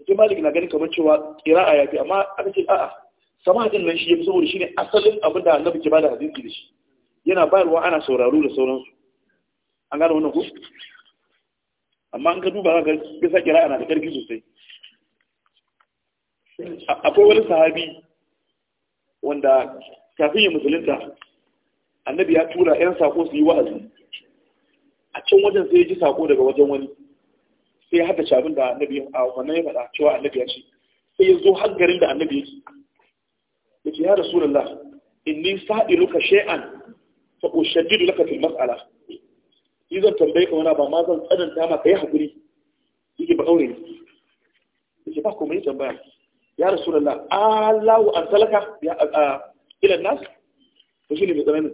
sai malik na ganin kamar cewa kira'a ya fi amma aka ce a'a sama'adin nan shi ya fi saboda shi ne asalin abin da annabi ke bada hadisi da shi yana bayarwa ana sauraro da sauransu an gane wannan ku amma an ka duba ga bisa kira ana da karfi sosai akwai wani sahabi wanda kafin ya musulunta annabi ya tura 'yan sako su yi wa'azi a can wajen sai ya ji sako daga wajen wani sai ya haddace abin da annabi a wannan ya faɗa cewa annabi ya ce sai ya zo har garin da annabi ya ce yace ya rasulullah inni sa'iluka shay'an fa ushaddidu laka fil mas'ala shi zan tambaye ka wani ba ma zan tsananta ma kai hakuri yake ba kaure yake ba kuma yi tambaya ya rasulullah Allahu an salaka ya ila nas to shi ne mai tsananin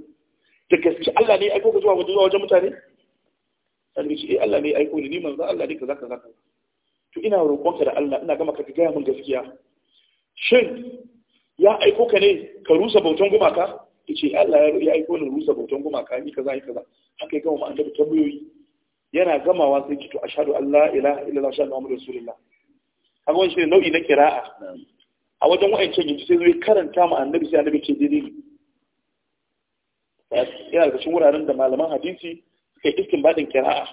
da gaske Allah ne ya aiko ka zuwa wajen mutane sai ce eh Allah ne ya aiko ni man za Allah ne kaza kaza to ina roƙonka da Allah ina gama ka gaya mun gaskiya shin ya aiko ka ne ka rusa bautan gumaka ya ce Allah ya aiko ni rusa bautan gumaka ni kaza ni kaza haka ya gama ma annabi tambayoyi yana gamawa sai ki to ashhadu an la ilaha illallah shahadu muhammadur rasulullah kaga wannan shine nau'i na kira'a a wajen wa'ancan yanzu sai zai karanta ma annabi sai annabi ce daidai ne yana daga cikin wuraren da malaman hadisi suka yi iskin baɗin kira'a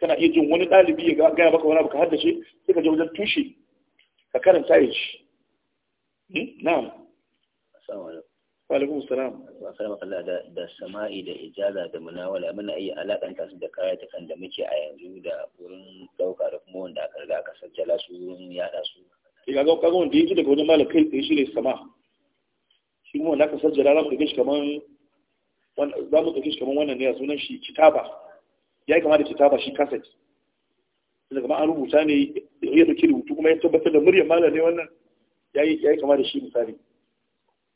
kana iya jin wani ɗalibi ya gaya maka wani abu ka haddace sai ka je wajen tushe ka karanta ya ci Hmm? na'am assalamu alaikum da da sama'i da ijaza da munawala muna iya alakanta su da kayatakan da muke a yanzu da wurin dauka da kuma wanda aka riga aka sajjala su wurin yada su ga ga kaga wanda yake daga wajen malam kai tsaye shi ne sama shi kuma wanda aka sajjala za mu ɗauke shi kaman za mu ɗauke shi kaman wannan ne a sunan shi kitaba ya yi kama da kitaba shi kaset daga an rubuta ne ya ɗauki rubutu kuma ya tabbatar da muryar malam ne wannan ya yi kama da shi misali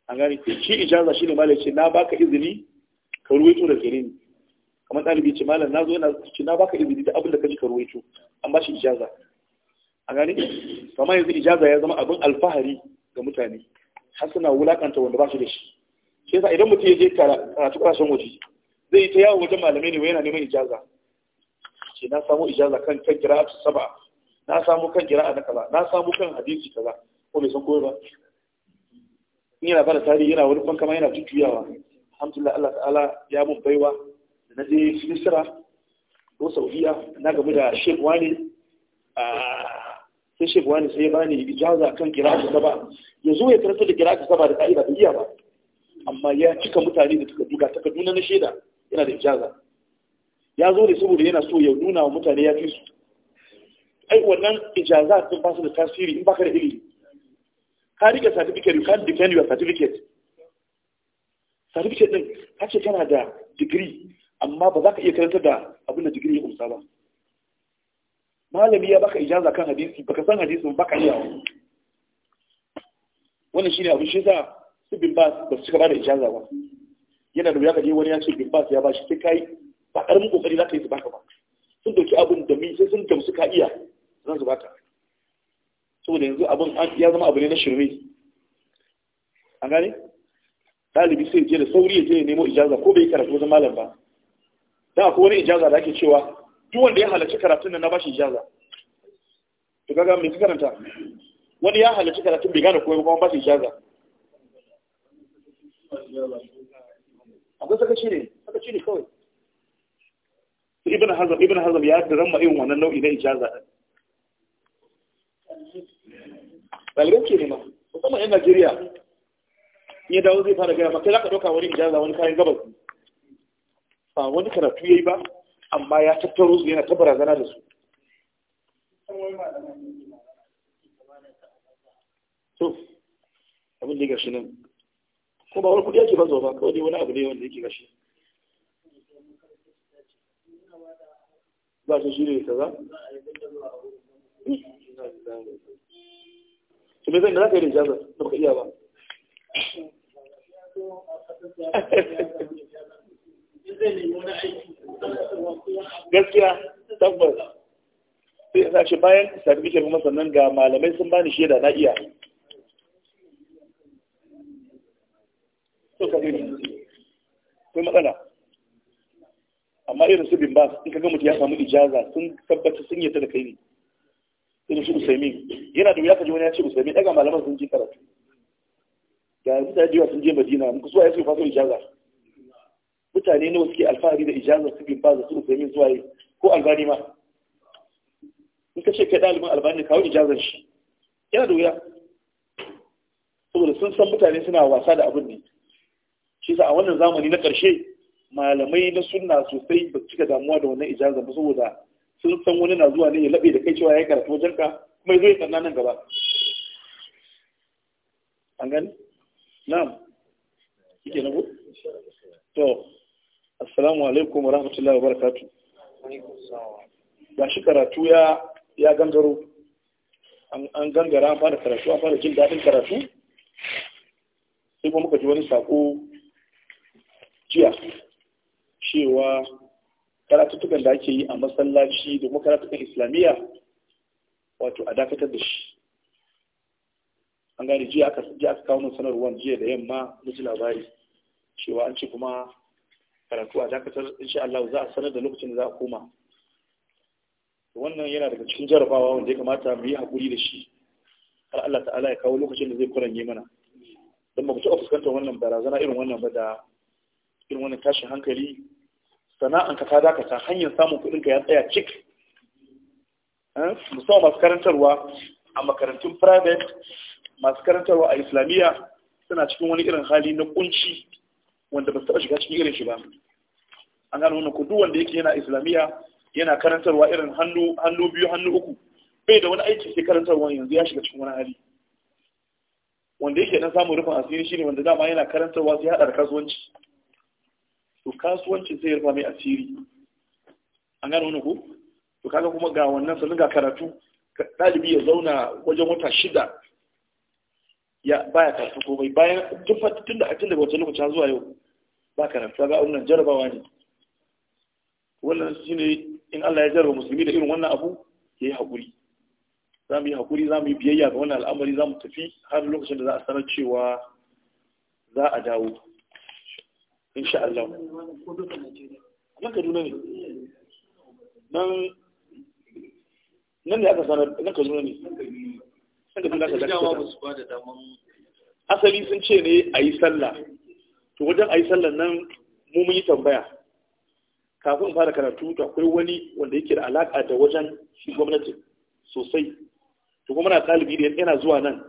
an gani shi ijaza shi ne malam ce na baka izini ka ruwaito da gare ni kamar ɗalibi ce malam na zo yana ce na baka izini da abin da ka ji ka ruwaito an ba shi ijaza an gani kamar yanzu ijaza ya zama abin alfahari ga mutane har suna wulakanta wanda ba shi da shi shi yasa idan mutum ya je karatu karshen waje zai yi ta yawo wajen malamai ne wai yana neman ijaza ce na samu ijaza kan kan kira saba na samu kan kira'a na kaza na samu kan hadisi kaza ko bai san koyar ba in yana bada tarihi yana wani fankama yana tutuyawa alhamdulillah Allah ta'ala ya mun baiwa da na je Misra ko Saudiya na gamu da Sheikh Wani ah, sai Sheikh Wani sai ya bani ijaza kan kira'atu saba Yanzu ya karanta da kira'atu saba da ka'ida da iya ba amma ya cika mutane da suka duka ta Kaduna na shaida yana da ijaza ya zo ne saboda yana so ya nuna wa mutane ya fi su ai wannan ijaza sun ba su da tasiri in baka da ilimi ka rike certificate you can't defend your certificate certificate din ka ce tana da degree amma ba za ka iya karanta da abin da degree ya kumsa ba malami ya baka ijaza kan hadisi baka san hadisi ba ka iya wannan shine abin shi yasa su bin ba ba su cika ba da ijaza ba yana da wuya je wani ya ce bin ba ya ba shi sai kai ba karamin kokari za ka yi su baka ba sun dauki abin da mi sai sun gamsu ka iya zan su baka saboda yanzu abin ya zama abu ne na shirme a gane ɗalibi sai je da sauri ya je ya nemo ijaza ko bai karatu wajen malam ba Da akwai wani ijaza da ake cewa duk wanda ya halarci karatun nan na bashi ijaza to kaga me karanta wani ya halarci karatun bai gane kuma ba bashi ijaza akwai sakaci ne sakaci ne kawai ibn hazm ibn hazm ya da ramma irin wannan nau'i na ijaza din ɗaliban ke nema musamman yan najeriya in ya dawo zai fara gaya maka za ka ɗauka wani ijaza wani kayan gabas ba wani karatu ya yi ba amma ya tattaro su yana ta zana da su to abin da gashi nan ko ba wani kudi ake ba zuwa ba kawai dai wani abu ne wanda yake gashi ba shi shi ne kaza to me zai da za ka yi da ijazar da ka gaskiya tabbas sai ya sace bayan certificate kuma sannan ga malamai sun bani shaida na iya so ka gani kai matsala amma irin su bin ba in ka ga ya samu ijaza sun tabbata sun yadda da kai ne irin su usaimin yana da wuya ka wani ya ce usaimin daga malaman sun ji karatu ga mutane jiwa sun je madina muku zuwa ya suke fasar ijaza mutane nawa suke alfahari da ijaza su bin ba da su usaimin zuwa yi ko albani ma in ka ce kai ɗalibin albani kawo ijazar shi yana da wuya saboda sun san mutane suna wasa da abin ne shi sa a wannan zamani na ƙarshe malamai na sunna sosai ba cika damuwa da wannan ijazar ba saboda sun san wani na zuwa ne ya laɓe da kai cewa ya karatu wajen ka kuma ya zo ya sanna nan gaba an gani na'am kike na ko to assalamu alaikum wa rahmatullahi wa barakatu. Ba shi karatu ya ya gangaro an gangara an fara karatu an fara jin daɗin karatu sai kuma muka ji wani sako jiya cewa karatuttukan da ake yi a masallaci da kuma karatuttukan islamiyya wato a dakatar da shi an gane jiya aka jiya aka kawo min sanarwar jiya da yamma na ji labari cewa an ce kuma karatu a dakatar insha Allah za a sanar da lokacin da za a koma wannan yana daga cikin jarabawa wanda ya kamata mu yi hakuri da shi har Allah ta'ala ya kawo lokacin da zai kuranye mana don ba ku taɓa fuskantar wannan barazana irin wannan ba da irin wannan tashin hankali sana'anka ta dakata hanyar samun kuɗinka ya tsaya cik eh, musamman masu karantarwa a makarantun private masu karantarwa a islamiyya suna cikin wani irin hali na kunci wanda ba su taɓa shiga cikin irin shi ba an gano wani kudu wanda yake yana islamiyya yana karantarwa irin hannu biyu hannu uku bai da wani aiki sai karantarwa yanzu ya shiga cikin wani hali wanda yake dan samun rufin asiri shine wanda dama yana karantarwa sai haɗa da kasuwanci to kasuwancin zai rufa mai asiri an gano wani ku to kaga kuma ga wannan sanin ga karatu ɗalibi ya zauna wajen wata shida ya baya karatu Ko komai bayan tun da ake da wata lokacin zuwa yau ba karatu ga wannan jarabawa ne wannan shine in Allah ya jarraba musulmi da irin wannan abu ya yi haƙuri za mu yi haƙuri za mu yi biyayya ga wannan al'amari za mu tafi har lokacin da za a sanar cewa za a dawo insha Allah nan Kaduna ne nan nan aka sanar nan Kaduna ne nan Kaduna aka asali sun ce ne a yi sallah to wajen a yi sallah nan mu mun yi tambaya kafin in fara karatu to akwai wani wanda yake da alaka da wajen shi gwamnati sosai to kuma na talibi da yana zuwa nan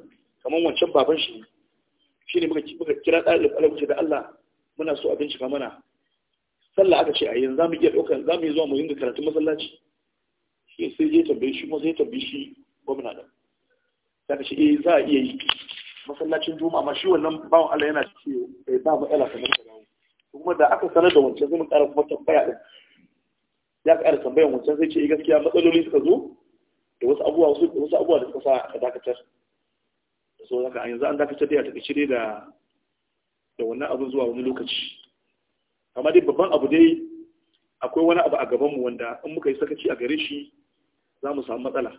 kamar wancan baban shi shi ne muka kira ɗalib da Allah muna so abin shiga mana sallah aka ce a yanzu za mu iya ɗaukar za mu yi zuwa mu dinga karatun masallaci shi sai je tambaye shi kuma sai tambaye shi gwamna da za ka ce eh za a iya yi masallacin juma amma shi wannan bawan Allah yana ce bai eh, ba mu ala kamar ta dawo kuma da aka sanar da wancan zai mu ƙara kuma tambaya din ya ƙara tambayan wancan zai ce eh, gaskiya matsaloli suka zo da wasu abubuwa wasu abubuwa da suka sa aka dakatar so haka yanzu an dakatar da ya tafi shirye da da wannan abin zuwa wani lokaci amma dai babban abu dai akwai wani abu a gabanmu wanda in muka yi sakaci a gare shi za mu samu matsala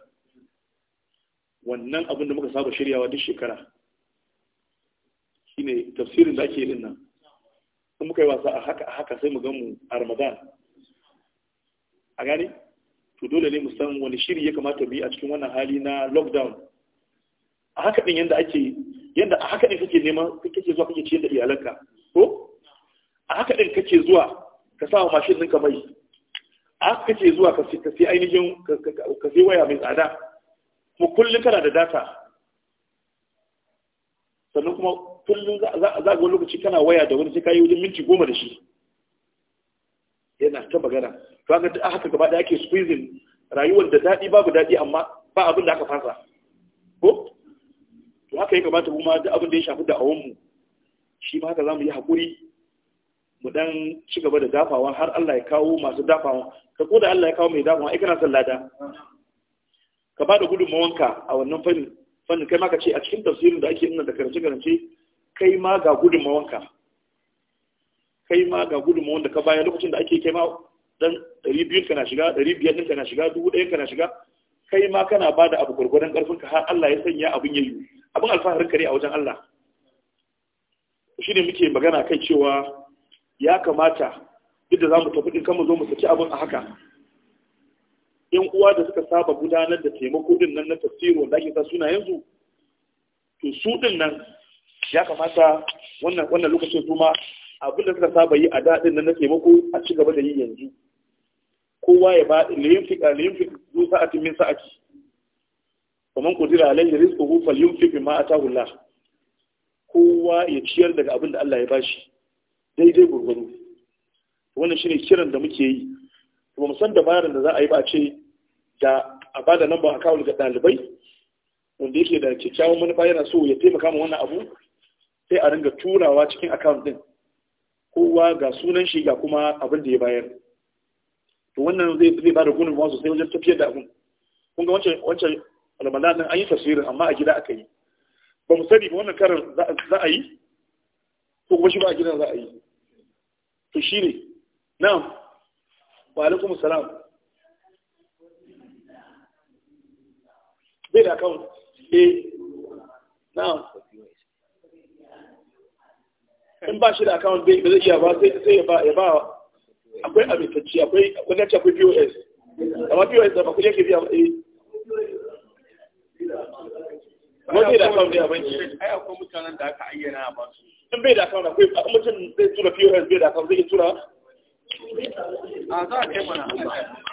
wannan abin da muka saba shiryawa duk shekara shine tafsirin da ake yi nan in muka yi wasa a haka a haka sai mu gan mu, a ramadan a gane to dole ne mu san wani shiri ya kamata mu a cikin wannan hali na lockdown a haka din yanda ake yadda a haka ɗin kake neman kake zuwa kake ciyar da iyalanka ko a haka ɗin kake zuwa ka sa mashin ɗinka mai a haka kake zuwa ka sai ainihin ka sai waya mai tsada kuma kullum kana da data sannan kuma kullum za ga wani lokaci kana waya da wani sai kayi wajen minti goma da shi yana ta magana to haka a haka gaba da ake squeezing rayuwar da daɗi babu daɗi amma ba abin da aka fasa ko to haka ya kamata kuma duk abin da ya shafi da'awun shi ma haka za mu yi hakuri mu dan ci gaba da dafawa har Allah ya kawo masu dafawa ka ko da Allah ya kawo mai dafawa ai kana son lada ka ba da gudunmawanka a wannan fannin fannin kai ma ka ce a cikin tafsirin da ake nuna da karance-karance kai ma ga gudunmawanka kai ma ga gudunmawan da ka bayar lokacin da ake kai ma dan 200 kana shiga 500 ɗin kana shiga 1000 kana shiga kai ma kana ba da abu gwargwadon ƙarfinka har Allah ya sanya abin ya yi abin alfaharin kare a wajen Allah shi ne muke magana kai cewa ya kamata yadda za mu tafi kan kama zo mu saki abin a haka yan uwa da suka saba gudanar da taimako din nan na tafsiri wanda ake sa suna yanzu to su din nan ya kamata wannan wannan lokacin su ma abin da suka saba yi a daɗin nan na taimako a ci gaba da yi yanzu kowa ya ba limfi limfi zo sa'atin min sa'ati ومن قدر عليه رزقه فلينفق مما ataahu Allah kowa ya ciyar daga abin da Allah ya bashi daidai gurguru wannan shine kiran da muke yi kuma musan dabarar da za a yi ba ce da a bada namba account ga dalibai wanda yake da kyakkyawan manufa yana so ya taimaka ma wannan abu sai a ringa turawa cikin account din kowa ga sunan shi ga kuma abin da ya bayar to wannan zai zai bada wasu sosai wajen tafiyar da abun kun ga wancan wancan ramadan din an yi tasirin amma a gida aka yi ba mu sani ba wannan karar za a yi ko kuma shi ba a gidan za a yi to shi ne na'am wa alaikum salam bai da kawo eh na'am in ba shi da account bai zai iya ba sai ya ba ya ba akwai abin akwai akwai akwai POS amma POS da ba ku yake biya ba eh wani da akawun da banki ai akwai mutanen da aka ayyana a basu in bai da akawun akwai mutum zai tura pos bai da akawun zai tura a za a kai mana